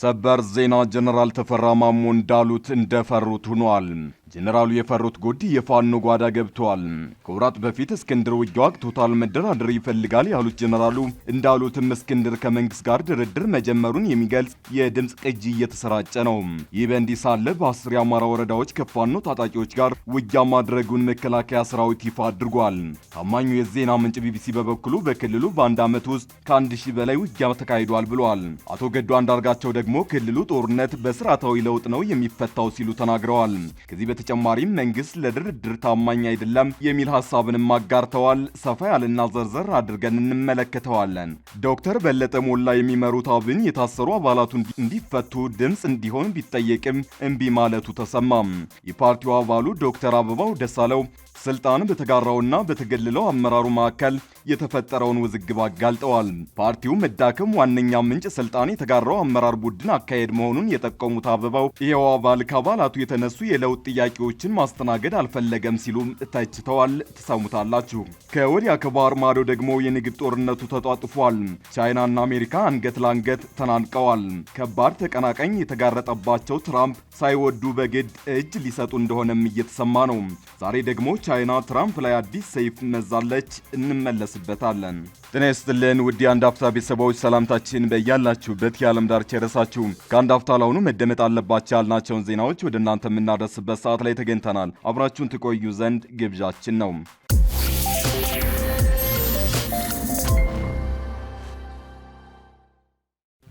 ሰበር ዜና። ጀነራል ተፈራ ማሞ እንዳሉት እንደፈሩት ሆኗል። ጀነራሉ የፈሩት ጉድ የፋኖ ጓዳ ገብቷል። ከወራት በፊት እስክንድር ውጊያ አቅቶታል፣ መደራደር ይፈልጋል ያሉት ጀነራሉ እንዳሉትም እስክንድር ከመንግስት ጋር ድርድር መጀመሩን የሚገልጽ የድምፅ ቅጂ እየተሰራጨ ነው። ይህ በእንዲህ ሳለ በአስር የአማራ ወረዳዎች ከፋኖ ታጣቂዎች ጋር ውጊያ ማድረጉን መከላከያ ሰራዊት ይፋ አድርጓል። ታማኙ የዜና ምንጭ ቢቢሲ በበኩሉ በክልሉ በአንድ ዓመት ውስጥ ከአንድ ሺህ በላይ ውጊያ ተካሂዷል ብሏል። አቶ ገዱ አንዳርጋቸው ደግሞ ክልሉ ጦርነት በስርዓታዊ ለውጥ ነው የሚፈታው ሲሉ ተናግረዋል። ከዚህ በተጨማሪም መንግስት ለድርድር ታማኝ አይደለም የሚል ሀሳብንም አጋርተዋል። ሰፋ ያለና ዘርዘር አድርገን እንመለከተዋለን። ዶክተር በለጠ ሞላ የሚመሩት አብን የታሰሩ አባላቱ እንዲፈቱ ድምፅ እንዲሆን ቢጠየቅም እምቢ ማለቱ ተሰማም። የፓርቲው አባሉ ዶክተር አበባው ደሳለው ስልጣን በተጋራውና በተገለለው አመራሩ መካከል የተፈጠረውን ውዝግብ አጋልጠዋል። ፓርቲው መዳከም ዋነኛ ምንጭ ስልጣን የተጋራው አመራር ቡድን አካሄድ መሆኑን የጠቀሙት አበባው ይኸው አባል ከአባላቱ የተነሱ የለውጥ ጥያቄዎችን ማስተናገድ አልፈለገም ሲሉም ተችተዋል። ትሰሙታላችሁ። ከወዲያ ከባህር ማዶ ደግሞ የንግድ ጦርነቱ ተጧጥፏል። ቻይናና አሜሪካ አንገት ለአንገት ተናንቀዋል። ከባድ ተቀናቃኝ የተጋረጠባቸው ትራምፕ ሳይወዱ በግድ እጅ ሊሰጡ እንደሆነም እየተሰማ ነው። ዛሬ ደግሞ ቻይና ትራምፕ ላይ አዲስ ሰይፍ መዛለች። እንመለስበታለን። ጤና ይስጥልን ውድ የአንድ አፍታ ቤተሰቦች ሰላምታችን በያላችሁበት የዓለም ዳርቻ ይድረሳችሁ። ከአንድ አፍታ ለአሁኑ መደመጥ አለባቸው ያልናቸውን ዜናዎች ወደ እናንተ የምናደርስበት ሰዓት ላይ ተገኝተናል። አብራችሁን ትቆዩ ዘንድ ግብዣችን ነው።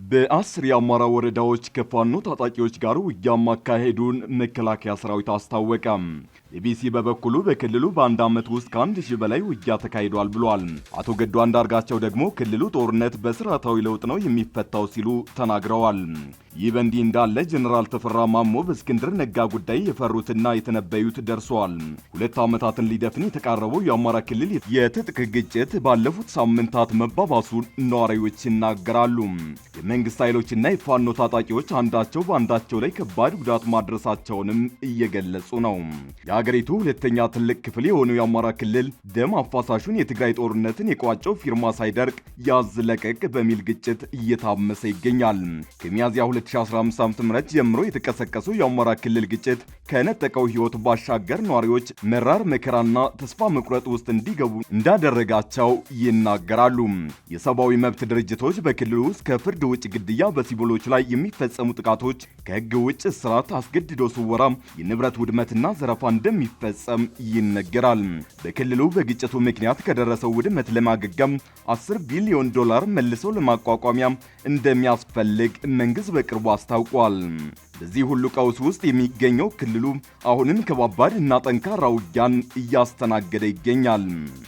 በአስር የአማራ ወረዳዎች ከፋኖ ታጣቂዎች ጋር ውጊያ ማካሄዱን መከላከያ ሰራዊት አስታወቀ። ኢቢሲ በበኩሉ በክልሉ በአንድ ዓመት ውስጥ ከአንድ ሺህ በላይ ውጊያ ተካሂዷል ብሏል። አቶ ገዱ አንዳርጋቸው ደግሞ ክልሉ ጦርነት በስርዓታዊ ለውጥ ነው የሚፈታው ሲሉ ተናግረዋል። ይህ በእንዲህ እንዳለ ጀኔራል ተፈራ ማሞ በእስክንድር ነጋ ጉዳይ የፈሩትና የተነበዩት ደርሰዋል። ሁለት ዓመታትን ሊደፍን የተቃረበው የአማራ ክልል የትጥቅ ግጭት ባለፉት ሳምንታት መባባሱን ነዋሪዎች ይናገራሉ። የመንግስት ኃይሎችና የፋኖ ታጣቂዎች አንዳቸው በአንዳቸው ላይ ከባድ ጉዳት ማድረሳቸውንም እየገለጹ ነው። የአገሪቱ ሁለተኛ ትልቅ ክፍል የሆነው የአማራ ክልል ደም አፋሳሹን የትግራይ ጦርነትን የቋጨው ፊርማ ሳይደርቅ ያዝ ለቀቅ በሚል ግጭት እየታመሰ ይገኛል። ከሚያዝያ 2015 ዓ ም ጀምሮ የተቀሰቀሰው የአማራ ክልል ግጭት ከነጠቀው ህይወት ባሻገር ነዋሪዎች መራር መከራና ተስፋ መቁረጥ ውስጥ እንዲገቡ እንዳደረጋቸው ይናገራሉ። የሰብአዊ መብት ድርጅቶች በክልሉ ውስጥ ከፍርድ ውጭ ግድያ፣ በሲቪሎች ላይ የሚፈጸሙ ጥቃቶች፣ ከህግ ውጭ እስራት፣ አስገድዶ ስወራ፣ የንብረት ውድመትና ዘረፋ እንደሚፈጸም ይነገራል። በክልሉ በግጭቱ ምክንያት ከደረሰው ውድመት ለማገገም 10 ቢሊዮን ዶላር መልሶ ለማቋቋሚያ እንደሚያስፈልግ መንግስት በቅርቡ አስታውቋል። በዚህ ሁሉ ቀውስ ውስጥ የሚገኘው ክልሉ አሁንም ከባባድ እና ጠንካራ ውጊያን እያስተናገደ ይገኛል።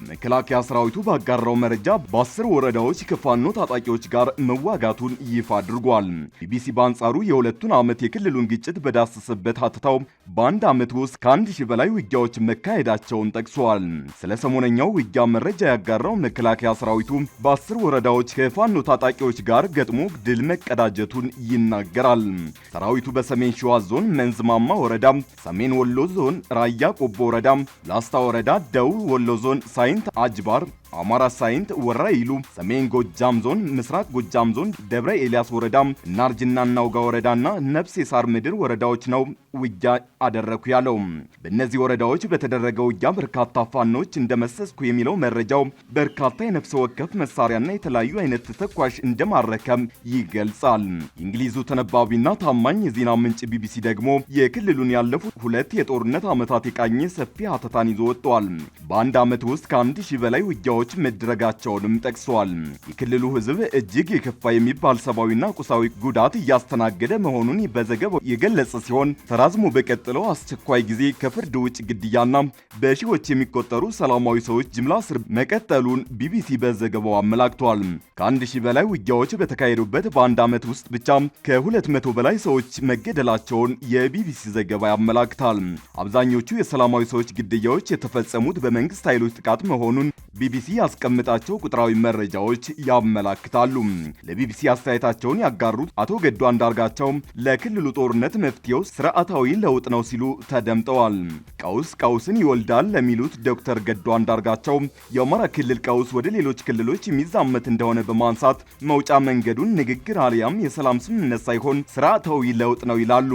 መከላከያ ሰራዊቱ ባጋራው መረጃ በአስር ወረዳዎች ከፋኖ ታጣቂዎች ጋር መዋጋቱን ይፋ አድርጓል። ቢቢሲ በአንጻሩ የሁለቱን ዓመት የክልሉን ግጭት በዳሰሰበት ሀተታው በአንድ ዓመት ውስጥ ከአንድ ሺህ በላይ ውጊያዎች መካሄዳቸውን ጠቅሷል። ስለ ሰሞነኛው ውጊያ መረጃ ያጋራው መከላከያ ሰራዊቱ በአስር ወረዳዎች ከፋኖ ታጣቂዎች ጋር ገጥሞ ድል መቀዳጀቱን ይናገራል። ሰራዊቱ በሰሜን ሸዋ ዞን መንዝማማ ወረዳ፣ ሰሜን ወሎ ዞን ራያ ቆቦ ወረዳ፣ ላስታ ወረዳ፣ ደቡብ ወሎ ዞን ሳይንት አጅባር አማራ ሳይንት ወራ ይሉ ሰሜን ጎጃም ዞን፣ ምስራቅ ጎጃም ዞን ደብረ ኤልያስ ወረዳ፣ ናርጅና እናውጋ ወረዳና ነፍስ የሳር ምድር ወረዳዎች ነው ውጊያ አደረኩ ያለው። በእነዚህ ወረዳዎች በተደረገ ውጊያ በርካታ ፋኖች እንደመሰስኩ የሚለው መረጃው በርካታ የነፍሰ ወከፍ መሳሪያና የተለያዩ አይነት ተተኳሽ እንደማረከም ይገልጻል። የእንግሊዙ ተነባቢና ታማኝ የዜና ምንጭ ቢቢሲ ደግሞ የክልሉን ያለፉት ሁለት የጦርነት ዓመታት የቃኘ ሰፊ ሀተታን ይዞ ወጥቷል። በአንድ ዓመት ውስጥ ከአንድ ሺህ በላይ ውጊያ ግድያዎች መደረጋቸውንም ጠቅሰዋል። የክልሉ ሕዝብ እጅግ የከፋ የሚባል ሰብአዊና ቁሳዊ ጉዳት እያስተናገደ መሆኑን በዘገባው የገለጸ ሲሆን ተራዝሞ በቀጥለው አስቸኳይ ጊዜ ከፍርድ ውጭ ግድያና በሺዎች የሚቆጠሩ ሰላማዊ ሰዎች ጅምላ ስር መቀጠሉን ቢቢሲ በዘገባው አመላክቷል። ከአንድ ሺህ በላይ ውጊያዎች በተካሄዱበት በአንድ ዓመት ውስጥ ብቻ ከሁለት መቶ በላይ ሰዎች መገደላቸውን የቢቢሲ ዘገባ ያመላክታል። አብዛኞቹ የሰላማዊ ሰዎች ግድያዎች የተፈጸሙት በመንግስት ኃይሎች ጥቃት መሆኑን ቢቢሲ ያስቀምጣቸው ቁጥራዊ መረጃዎች ያመላክታሉ። ለቢቢሲ አስተያየታቸውን ያጋሩት አቶ ገዱ አንዳርጋቸው ለክልሉ ጦርነት መፍትሄው ስርዓታዊ ለውጥ ነው ሲሉ ተደምጠዋል። ቀውስ ቀውስን ይወልዳል ለሚሉት ዶክተር ገዱ አንዳርጋቸው የአማራ ክልል ቀውስ ወደ ሌሎች ክልሎች የሚዛመት እንደሆነ በማንሳት መውጫ መንገዱን ንግግር አሊያም የሰላም ስምምነት ሳይሆን ስርዓታዊ ለውጥ ነው ይላሉ።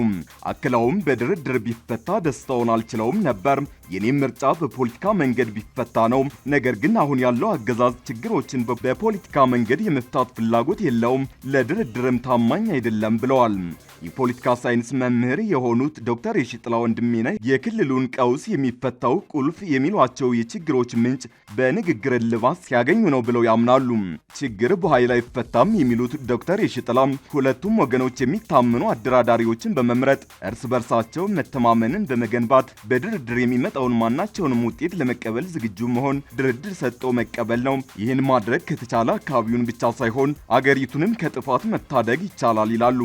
አክለውም በድርድር ቢፈታ ደስታውን አልችለውም ነበር። የኔም ምርጫ በፖለቲካ መንገድ ቢፈታ ነው። ነገር ግን አሁን ያለው አገዛዝ ችግሮችን በፖለቲካ መንገድ የመፍታት ፍላጎት የለውም፣ ለድርድርም ታማኝ አይደለም ብለዋል። የፖለቲካ ሳይንስ መምህር የሆኑት ዶክተር የሺጥላ ወንድሜና የክልሉን ቀውስ የሚፈታው ቁልፍ የሚሏቸው የችግሮች ምንጭ በንግግር እልባት ሲያገኙ ነው ብለው ያምናሉ። ችግር በኃይል አይፈታም የሚሉት ዶክተር የሺጥላ ሁለቱም ወገኖች የሚታመኑ አደራዳሪዎችን በመምረጥ እርስ በርሳቸው መተማመንን በመገንባት በድርድር የሚመጣውን ማናቸውንም ውጤት ለመቀበል ዝግጁ መሆን፣ ድርድር ሰጥቶ መቀበል ነው። ይህን ማድረግ ከተቻለ አካባቢውን ብቻ ሳይሆን አገሪቱንም ከጥፋት መታደግ ይቻላል ይላሉ።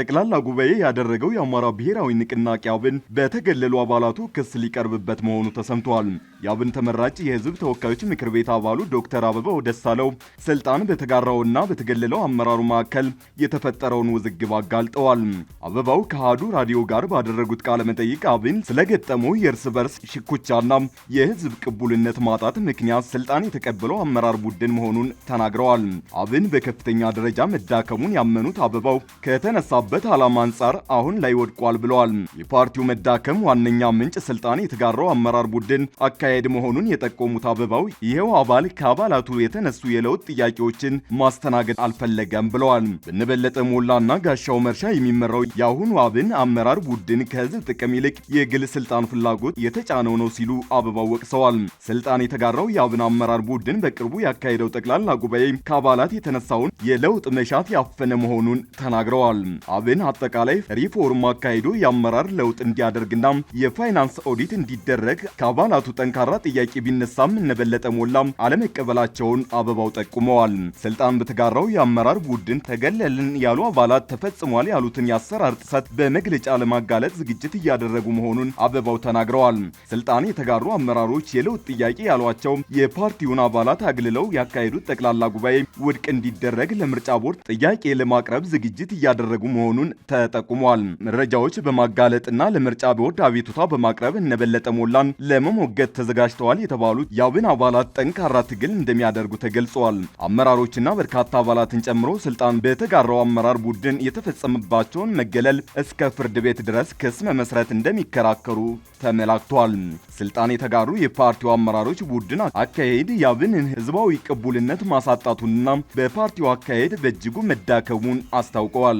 ጠቅላላ ጉባኤ ያደረገው የአማራ ብሔራዊ ንቅናቄ አብን በተገለሉ አባላቱ ክስ ሊቀርብበት መሆኑ ተሰምቷል። የአብን ተመራጭ የህዝብ ተወካዮች ምክር ቤት አባሉ ዶክተር አበባው ደሳለው ስልጣን በተጋራውና በተገለለው አመራሩ መካከል የተፈጠረውን ውዝግብ አጋልጠዋል። አበባው ከአሃዱ ራዲዮ ጋር ባደረጉት ቃለ መጠይቅ አብን ስለገጠመው የእርስ በርስ ሽኩቻና የህዝብ ቅቡልነት ማጣት ምክንያት ስልጣን የተቀበለው አመራር ቡድን መሆኑን ተናግረዋል። አብን በከፍተኛ ደረጃ መዳከሙን ያመኑት አበባው ከተነሳ ከገባበት ዓላማ አንጻር አሁን ላይ ወድቋል ብለዋል። የፓርቲው መዳከም ዋነኛ ምንጭ ስልጣን የተጋራው አመራር ቡድን አካሄድ መሆኑን የጠቆሙት አበባው ይኸው አባል ከአባላቱ የተነሱ የለውጥ ጥያቄዎችን ማስተናገድ አልፈለገም ብለዋል። በነበለጠ ሞላና ጋሻው መርሻ የሚመራው የአሁኑ አብን አመራር ቡድን ከህዝብ ጥቅም ይልቅ የግል ስልጣን ፍላጎት የተጫነው ነው ሲሉ አበባው ወቅሰዋል። ስልጣን የተጋራው የአብን አመራር ቡድን በቅርቡ ያካሄደው ጠቅላላ ጉባኤ ከአባላት የተነሳውን የለውጥ መሻት ያፈነ መሆኑን ተናግረዋል። አብን አጠቃላይ ሪፎርም አካሄዱ የአመራር ለውጥ እንዲያደርግና የፋይናንስ ኦዲት እንዲደረግ ከአባላቱ ጠንካራ ጥያቄ ቢነሳም እነበለጠ ሞላ አለመቀበላቸውን አበባው ጠቁመዋል። ስልጣን በተጋራው የአመራር ቡድን ተገለልን ያሉ አባላት ተፈጽሟል ያሉትን የአሰራር ጥሰት በመግለጫ ለማጋለጥ ዝግጅት እያደረጉ መሆኑን አበባው ተናግረዋል። ስልጣን የተጋሩ አመራሮች የለውጥ ጥያቄ ያሏቸው የፓርቲውን አባላት አግልለው ያካሄዱት ጠቅላላ ጉባኤ ውድቅ እንዲደረግ ለምርጫ ቦርድ ጥያቄ ለማቅረብ ዝግጅት እያደረጉ መሆኑን መሆኑን ተጠቁሟል። መረጃዎች በማጋለጥና ለምርጫ ቦርድ አቤቱታ በማቅረብ እነበለጠ ሞላን ለመሞገት ተዘጋጅተዋል የተባሉት የአብን አባላት ጠንካራ ትግል እንደሚያደርጉ ተገልጿል። አመራሮችና በርካታ አባላትን ጨምሮ ስልጣን በተጋራው አመራር ቡድን የተፈጸመባቸውን መገለል እስከ ፍርድ ቤት ድረስ ክስ መመስረት እንደሚከራከሩ ተመላክቷል። ስልጣን የተጋሩ የፓርቲው አመራሮች ቡድን አካሄድ የአብንን ህዝባዊ ቅቡልነት ማሳጣቱንና በፓርቲው አካሄድ በእጅጉ መዳከሙን አስታውቀዋል።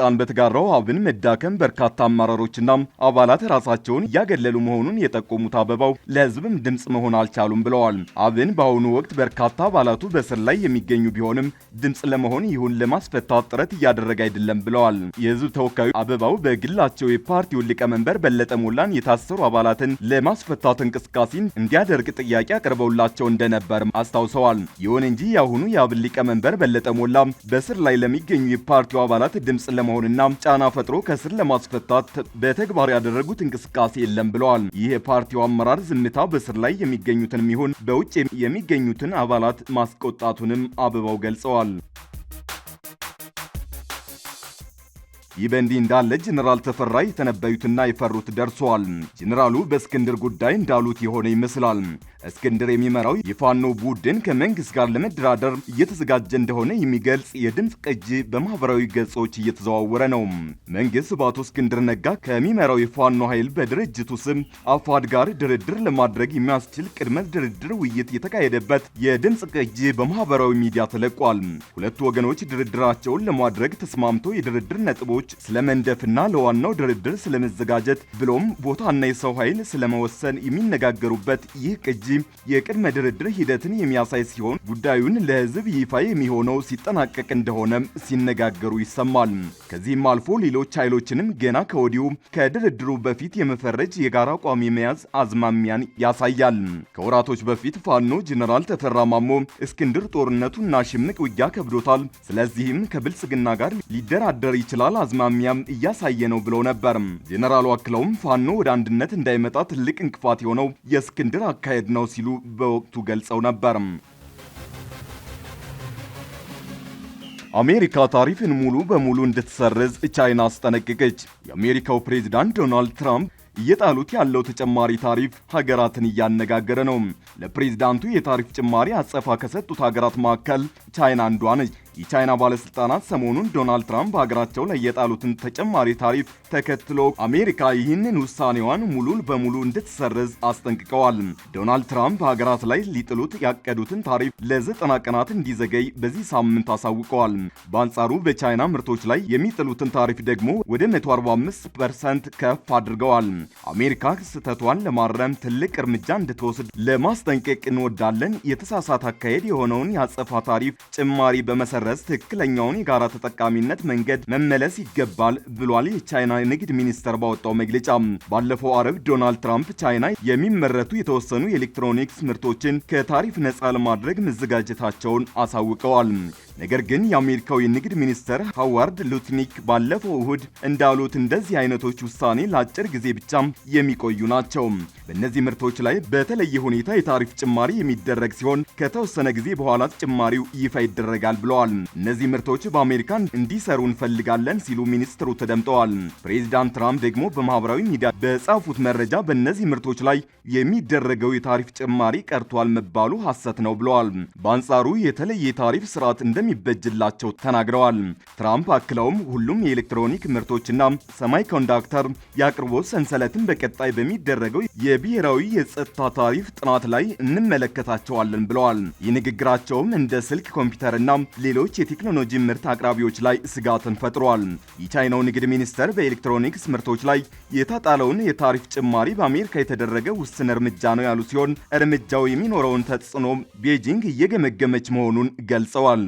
ስልጣን በተጋራው አብን መዳከም በርካታ አመራሮችና አባላት ራሳቸውን እያገለሉ መሆኑን የጠቆሙት አበባው ለህዝብም ድምፅ መሆን አልቻሉም ብለዋል። አብን በአሁኑ ወቅት በርካታ አባላቱ በስር ላይ የሚገኙ ቢሆንም ድምፅ ለመሆን ይሁን ለማስፈታት ጥረት እያደረገ አይደለም ብለዋል። የህዝብ ተወካዩ አበባው በግላቸው የፓርቲውን ሊቀመንበር በለጠ ሞላን የታሰሩ አባላትን ለማስፈታት እንቅስቃሴን እንዲያደርግ ጥያቄ አቅርበውላቸው እንደነበር አስታውሰዋል። ይሁን እንጂ የአሁኑ የአብን ሊቀመንበር በለጠ ሞላ በስር ላይ ለሚገኙ የፓርቲው አባላት ድምፅ ለመሆን መሆንና ጫና ፈጥሮ ከስር ለማስፈታት በተግባር ያደረጉት እንቅስቃሴ የለም ብለዋል። ይህ የፓርቲው አመራር ዝምታ በስር ላይ የሚገኙትን የሚሆን በውጭ የሚገኙትን አባላት ማስቆጣቱንም አበባው ገልጸዋል። ይህ በእንዲህ እንዳለ ጀኔራል ተፈራ የተነበዩትና የፈሩት ደርሰዋል። ጀኔራሉ በእስክንድር ጉዳይ እንዳሉት የሆነ ይመስላል። እስክንድር የሚመራው የፋኖ ቡድን ከመንግስት ጋር ለመደራደር እየተዘጋጀ እንደሆነ የሚገልጽ የድምፅ ቅጂ በማህበራዊ ገጾች እየተዘዋወረ ነው። መንግስት በአቶ እስክንድር ነጋ ከሚመራው የፋኖ ኃይል በድርጅቱ ስም አፋድ ጋር ድርድር ለማድረግ የሚያስችል ቅድመ ድርድር ውይይት የተካሄደበት የድምፅ ቅጂ በማህበራዊ ሚዲያ ተለቋል። ሁለቱ ወገኖች ድርድራቸውን ለማድረግ ተስማምተው የድርድር ነጥቦች ሰዎች ስለ መንደፍና ለዋናው ድርድር ስለመዘጋጀት ብሎም ቦታና የሰው ኃይል ስለመወሰን የሚነጋገሩበት ይህ ቅጂ የቅድመ ድርድር ሂደትን የሚያሳይ ሲሆን ጉዳዩን ለህዝብ ይፋ የሚሆነው ሲጠናቀቅ እንደሆነም ሲነጋገሩ ይሰማል። ከዚህም አልፎ ሌሎች ኃይሎችንም ገና ከወዲሁ ከድርድሩ በፊት የመፈረጅ የጋራ አቋም የመያዝ አዝማሚያን ያሳያል። ከወራቶች በፊት ፋኖ ጀነራል ተፈራ ማሞ እስክንድር ጦርነቱና ሽምቅ ውጊያ ከብዶታል፣ ስለዚህም ከብልጽግና ጋር ሊደራደር ይችላል አዝማ አዝማሚያም እያሳየ ነው ብለው ነበር። ጄኔራሉ አክለውም ፋኖ ወደ አንድነት እንዳይመጣ ትልቅ እንቅፋት የሆነው የእስክንድር አካሄድ ነው ሲሉ በወቅቱ ገልጸው ነበር። አሜሪካ ታሪፍን ሙሉ በሙሉ እንድትሰርዝ ቻይና አስጠነቀቀች። የአሜሪካው ፕሬዚዳንት ዶናልድ ትራምፕ እየጣሉት ያለው ተጨማሪ ታሪፍ ሀገራትን እያነጋገረ ነው። ለፕሬዚዳንቱ የታሪፍ ጭማሪ አጸፋ ከሰጡት ሀገራት መካከል ቻይና አንዷ ነች። የቻይና ባለስልጣናት ሰሞኑን ዶናልድ ትራምፕ በሀገራቸው ላይ የጣሉትን ተጨማሪ ታሪፍ ተከትሎ አሜሪካ ይህንን ውሳኔዋን ሙሉ በሙሉ እንድትሰርዝ አስጠንቅቀዋል። ዶናልድ ትራምፕ ሀገራት ላይ ሊጥሉት ያቀዱትን ታሪፍ ለዘጠና ቀናት እንዲዘገይ በዚህ ሳምንት አሳውቀዋል። በአንጻሩ በቻይና ምርቶች ላይ የሚጥሉትን ታሪፍ ደግሞ ወደ 145 ፐርሰንት ከፍ አድርገዋል። አሜሪካ ስህተቷን ለማረም ትልቅ እርምጃ እንድትወስድ ለማስጠንቀቅ እንወዳለን። የተሳሳተ አካሄድ የሆነውን የአጸፋ ታሪፍ ጭማሪ በመሰረ ድረስ ትክክለኛውን የጋራ ተጠቃሚነት መንገድ መመለስ ይገባል ብሏል። የቻይና ንግድ ሚኒስቴር ባወጣው መግለጫ ባለፈው አርብ ዶናልድ ትራምፕ ቻይና የሚመረቱ የተወሰኑ የኤሌክትሮኒክስ ምርቶችን ከታሪፍ ነጻ ለማድረግ መዘጋጀታቸውን አሳውቀዋል። ነገር ግን የአሜሪካው የንግድ ሚኒስተር ሃዋርድ ሉትኒክ ባለፈው እሁድ እንዳሉት እንደዚህ አይነቶች ውሳኔ ለአጭር ጊዜ ብቻ የሚቆዩ ናቸው። በእነዚህ ምርቶች ላይ በተለየ ሁኔታ የታሪፍ ጭማሪ የሚደረግ ሲሆን ከተወሰነ ጊዜ በኋላ ጭማሪው ይፋ ይደረጋል ብለዋል። እነዚህ ምርቶች በአሜሪካ እንዲሰሩ እንፈልጋለን ሲሉ ሚኒስትሩ ተደምጠዋል። ፕሬዚዳንት ትራምፕ ደግሞ በማህበራዊ ሚዲያ በጻፉት መረጃ በእነዚህ ምርቶች ላይ የሚደረገው የታሪፍ ጭማሪ ቀርቷል መባሉ ሐሰት ነው ብለዋል። በአንጻሩ የተለየ የታሪፍ ስርዓት እንደሚ እንደሚበጅላቸው ተናግረዋል። ትራምፕ አክለውም ሁሉም የኤሌክትሮኒክ ምርቶችና ሰማይ ኮንዳክተር የአቅርቦት ሰንሰለትን በቀጣይ በሚደረገው የብሔራዊ የጸጥታ ታሪፍ ጥናት ላይ እንመለከታቸዋለን ብለዋል። ይህ ንግግራቸውም እንደ ስልክ፣ ኮምፒውተርና ሌሎች የቴክኖሎጂ ምርት አቅራቢዎች ላይ ስጋትን ፈጥሯል። የቻይናው ንግድ ሚኒስተር በኤሌክትሮኒክስ ምርቶች ላይ የታጣለውን የታሪፍ ጭማሪ በአሜሪካ የተደረገ ውስን እርምጃ ነው ያሉ ሲሆን እርምጃው የሚኖረውን ተጽዕኖ ቤጂንግ እየገመገመች መሆኑን ገልጸዋል።